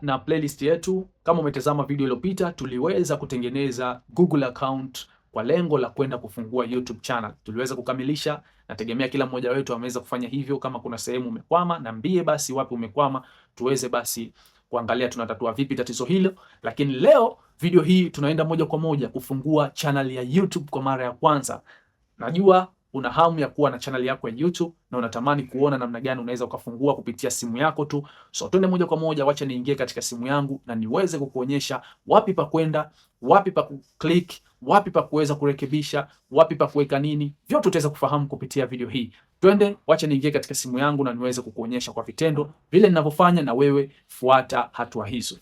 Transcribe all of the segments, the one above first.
na playlist yetu. Kama umetazama video iliyopita, tuliweza kutengeneza Google account kwa lengo la kwenda kufungua YouTube channel. Tuliweza kukamilisha, nategemea kila mmoja wetu ameweza kufanya hivyo. Kama kuna sehemu umekwama, niambie basi wapi umekwama, tuweze basi kuangalia tunatatua vipi tatizo hilo. Lakini leo video hii tunaenda moja kwa moja kufungua channel ya YouTube kwa mara ya kwanza. Najua una hamu ya kuwa na channel yako ya YouTube na unatamani kuona namna gani unaweza ukafungua kupitia simu yako tu. So twende moja kwa moja, wacha niingie katika simu yangu na niweze kukuonyesha wapi pa kwenda, wapi pa kuclick, wapi pa kuweza kurekebisha, wapi pa kuweka nini, vyote utaweza kufahamu kupitia video hii. Twende, wacha niingie katika simu yangu na niweze kukuonyesha kwa vitendo vile ninavyofanya, na wewe fuata hatua hizo.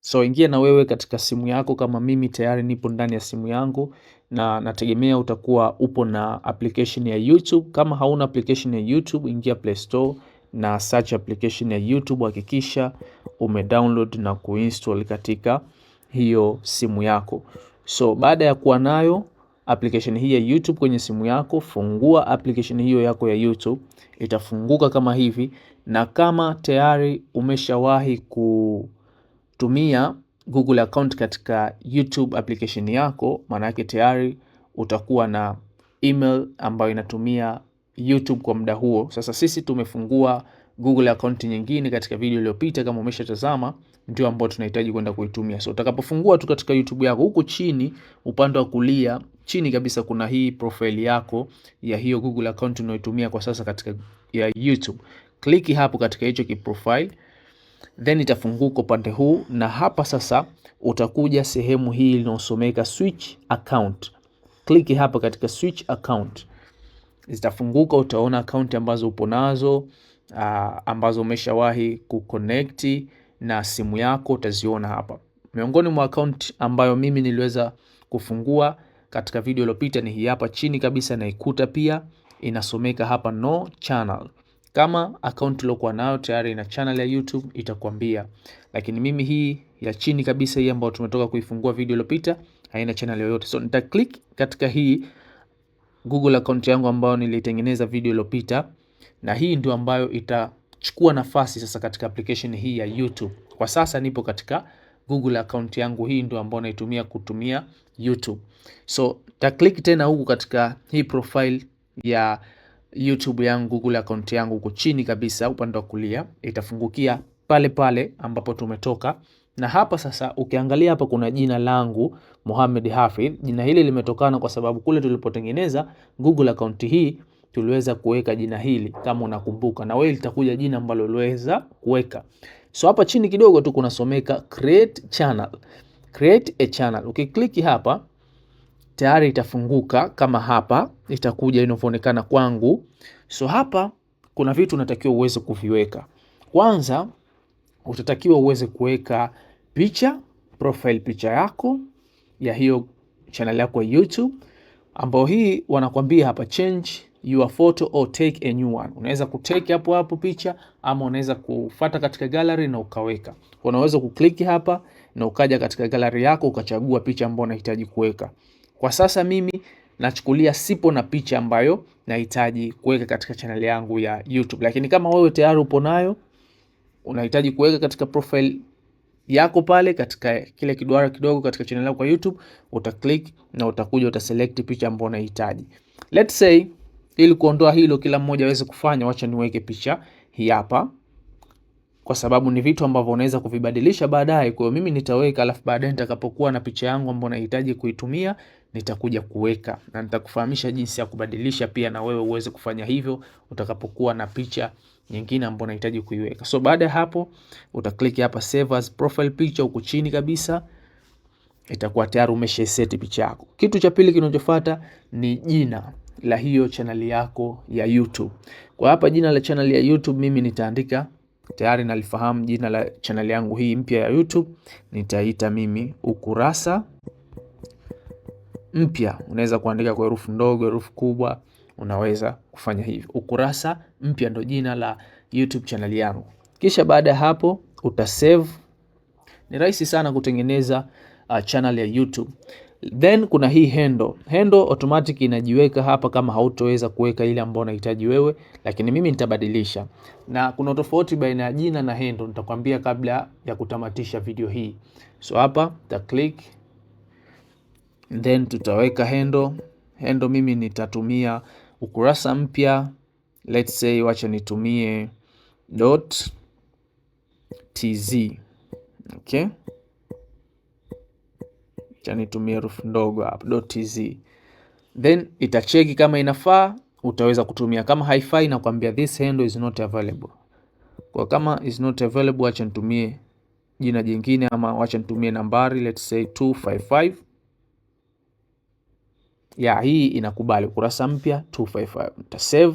So ingia na wewe katika simu yako, kama mimi tayari nipo ndani ya simu yangu na nategemea utakuwa upo na application ya YouTube. Kama hauna application ya YouTube, ingia Play Store na search application ya YouTube, hakikisha umedownload na kuinstall katika hiyo simu yako. So baada ya kuwa nayo application hii ya YouTube kwenye simu yako, fungua application hiyo yako ya YouTube, itafunguka kama hivi, na kama tayari umeshawahi kutumia Google account katika YouTube application yako, maana yake tayari utakuwa na email ambayo inatumia YouTube kwa muda huo. Sasa sisi tumefungua Google account nyingine katika video iliyopita, kama umeshatazama, ndio ambayo tunahitaji kwenda kuitumia. So utakapofungua tu katika YouTube yako, huku chini upande wa kulia chini kabisa, kuna hii profile yako ya hiyo Google account unayotumia kwa sasa katika ya YouTube. Kliki hapo katika hicho kiprofile then itafunguka upande huu, na hapa sasa utakuja sehemu hii inayosomeka switch account. Kliki hapa katika switch account, zitafunguka. Utaona akaunti ambazo upo nazo uh, ambazo umeshawahi kuconnect na simu yako utaziona hapa. Miongoni mwa account ambayo mimi niliweza kufungua katika video iliyopita ni hii hapa chini kabisa, naikuta pia inasomeka hapa no channel. Kama account uliokuwa nayo tayari ina channel ya YouTube itakwambia, lakini mimi hii ya chini kabisa hii ambayo tumetoka kuifungua video iliyopita haina channel yoyote, so nita click katika hii Google account yangu ambayo nilitengeneza video iliyopita, na hii ndio ambayo itachukua nafasi sasa katika application hii ya YouTube. Kwa sasa nipo katika Google account yangu, hii ndio ambayo naitumia kutumia YouTube. So ta click tena huku katika hii profile ya YouTube yangu Google account yangu huko chini kabisa upande wa kulia itafungukia pale pale ambapo tumetoka, na hapa sasa, ukiangalia hapa kuna jina langu Mohamed Hafidh. Jina hili limetokana kwa sababu kule tulipotengeneza Google account hii tuliweza kuweka jina hili, kama unakumbuka, na wewe litakuja jina ambalo uliweza kuweka. So hapa chini kidogo tu kunasomeka create channel, create a channel. Ukikliki hapa tayari itafunguka kama hapa itakuja inavyoonekana kwangu. So hapa kuna vitu unatakiwa uweze kuviweka. Kwanza utatakiwa uweze kuweka picha, profile picha yako ya hiyo channel yako ya YouTube, ambayo hii wanakwambia hapa change your photo or take a new one. Unaweza kutake hapo hapo picha ama unaweza kufata katika gallery na ukaweka. Unaweza kukliki hapa na ukaja katika gallery yako ukachagua picha ambayo unahitaji kuweka. Kwa sasa mimi nachukulia sipo na picha ambayo nahitaji kuweka katika channel yangu ya YouTube, lakini kama wewe tayari upo nayo unahitaji kuweka katika profile yako pale katika kile kiduara kidogo katika channel yako ya YouTube, uta click na utakuja utaselect picha ambayo unahitaji. Let's say ili kuondoa hilo, kila mmoja aweze kufanya, wacha niweke picha hii hapa kwa sababu ni vitu ambavyo unaweza kuvibadilisha baadaye. Kwa hiyo mimi nitaweka, alafu baadaye nitakapokuwa na picha yangu ambayo nahitaji kuitumia nitakuja kuweka na nitakufahamisha jinsi ya kubadilisha, pia na wewe uweze kufanya hivyo utakapokuwa na picha nyingine ambayo unahitaji kuiweka. So baada ya hapo utaklik hapa save as profile picture huku chini kabisa itakuwa tayari umesha set picha yako. Kitu cha pili kinachofuata ni jina la hiyo chaneli yako ya YouTube. Kwa hapa jina la chaneli ya YouTube mimi nitaandika tayari nalifahamu jina la chaneli yangu hii mpya ya YouTube, nitaita mimi ukurasa mpya. Unaweza kuandika kwa herufi ndogo, herufi kubwa, unaweza kufanya hivyo. Ukurasa mpya ndo jina la YouTube chaneli yangu. Kisha baada ya hapo utasave. Ni rahisi sana kutengeneza uh, channel ya YouTube. Then kuna hii handle. Handle automatic inajiweka hapa kama hautoweza kuweka ile ambayo unahitaji wewe, lakini mimi nitabadilisha. Na kuna tofauti baina ya jina na handle, nitakwambia kabla ya kutamatisha video hii. So hapa ta click then tutaweka handle. Handle mimi nitatumia ukurasa mpya, let's say wacha nitumie dot tz. Okay cha nitumie herufi ndogo hapo .tz then itacheki kama inafaa, utaweza kutumia. Kama haifai inakwambia this handle is not available. Kwa kama is not available, acha nitumie jina jingine ama acha nitumie nambari let's say 255 ya hii inakubali ukurasa mpya 255. Nita save,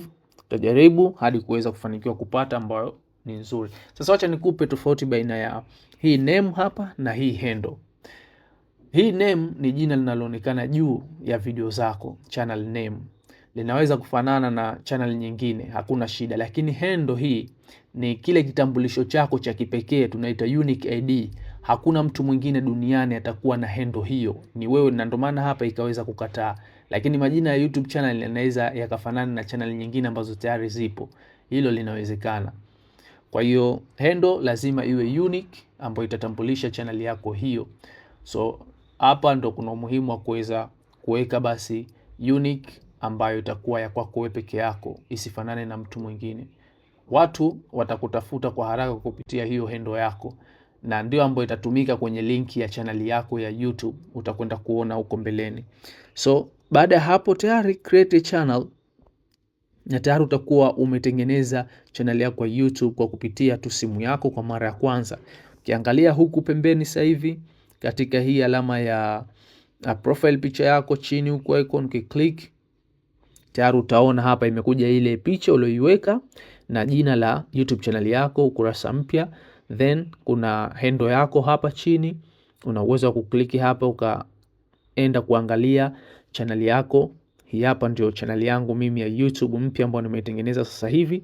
tajaribu hadi kuweza kufanikiwa kupata ambayo ni nzuri. Sasa acha nikupe tofauti baina ya hii name hapa na hii handle. Hii name ni jina linaloonekana juu ya video zako, channel name. Linaweza kufanana na channel nyingine, hakuna shida, lakini handle hii ni kile kitambulisho chako cha kipekee, tunaita unique ID. Hakuna mtu mwingine duniani atakuwa na handle hiyo, ni wewe, na ndio maana hapa ikaweza kukataa. Lakini majina ya YouTube channel yanaweza yakafanana na channel nyingine ambazo tayari zipo, hilo linawezekana. Kwa hiyo handle lazima iwe unique, ambayo itatambulisha channel yako hiyo. So hapa ndo kuna umuhimu wa kuweza kuweka basi unique ambayo itakuwa ya kwako wewe peke yako, isifanane na mtu mwingine. Watu watakutafuta kwa haraka kupitia hiyo hendo yako, na ndio ambayo itatumika kwenye linki ya chaneli yako ya YouTube, utakwenda kuona huko mbeleni. So baada ya hapo tayari create a channel na tayari utakuwa umetengeneza channel yako ya YouTube kwa kupitia tu simu yako kwa mara ya kwanza. Ukiangalia huku pembeni sasa hivi katika hii alama ya a profile picha yako chini huko icon, ukiklik tayari utaona hapa imekuja ile picha uliyoiweka na jina la YouTube channel yako, ukurasa mpya, then kuna handle yako hapa chini. Una uwezo wa kukliki hapa ukaenda kuangalia channel yako. Hii hapa ndio channel yangu mimi ya YouTube mpya ambayo nimeitengeneza sasa hivi,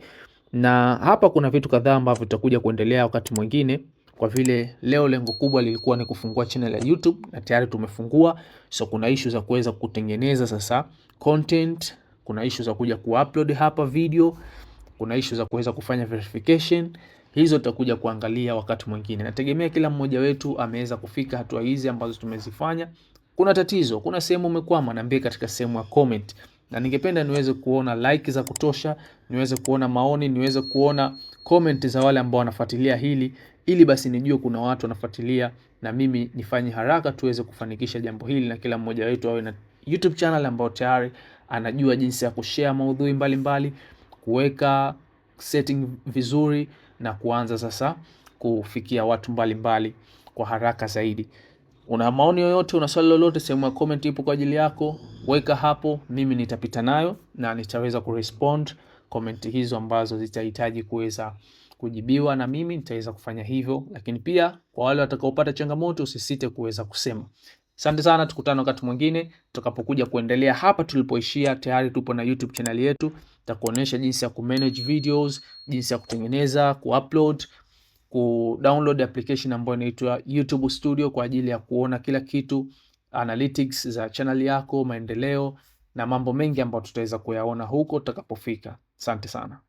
na hapa kuna vitu kadhaa ambavyo tutakuja kuendelea wakati mwingine kwa vile leo lengo kubwa lilikuwa ni kufungua channel ya YouTube na tayari tumefungua. So kuna issue za kuweza kutengeneza sasa content, kuna issue za kuja kuupload hapa video, kuna issue za kuweza kufanya verification. Hizo tutakuja kuangalia wakati mwingine. Nategemea kila mmoja wetu ameweza kufika hatua hizi ambazo tumezifanya. Kuna tatizo, kuna sehemu umekwama, niambie katika sehemu ya comment, na ningependa niweze kuona like za kutosha, niweze kuona maoni, niweze kuona comment za wale ambao wanafuatilia hili ili basi nijue kuna watu wanafuatilia na mimi nifanye haraka tuweze kufanikisha jambo hili, na kila mmoja wetu awe na YouTube channel ambayo tayari anajua jinsi ya kushare maudhui mbalimbali, kuweka setting vizuri na kuanza sasa kufikia watu mbalimbali mbali kwa haraka zaidi. Una maoni yoyote, una swali lolote, sehemu ya comment ipo kwa ajili yako, weka hapo, mimi nitapita nayo na nitaweza kurespond comment hizo ambazo zitahitaji kuweza kujibiwa na mimi nitaweza kufanya hivyo, lakini pia kwa wale watakaopata changamoto usisite kuweza kusema. Asante sana, tukutane wakati mwingine tutakapokuja kuendelea hapa tulipoishia. Tayari tupo na YouTube channel yetu, tutakuonyesha jinsi ya kumanage videos, jinsi ya kutengeneza, kuupload, kudownload application ambayo inaitwa YouTube Studio kwa ajili ya kuona kila kitu, analytics za channel yako, maendeleo na mambo mengi ambayo tutaweza kuyaona huko tutakapofika. Asante sana.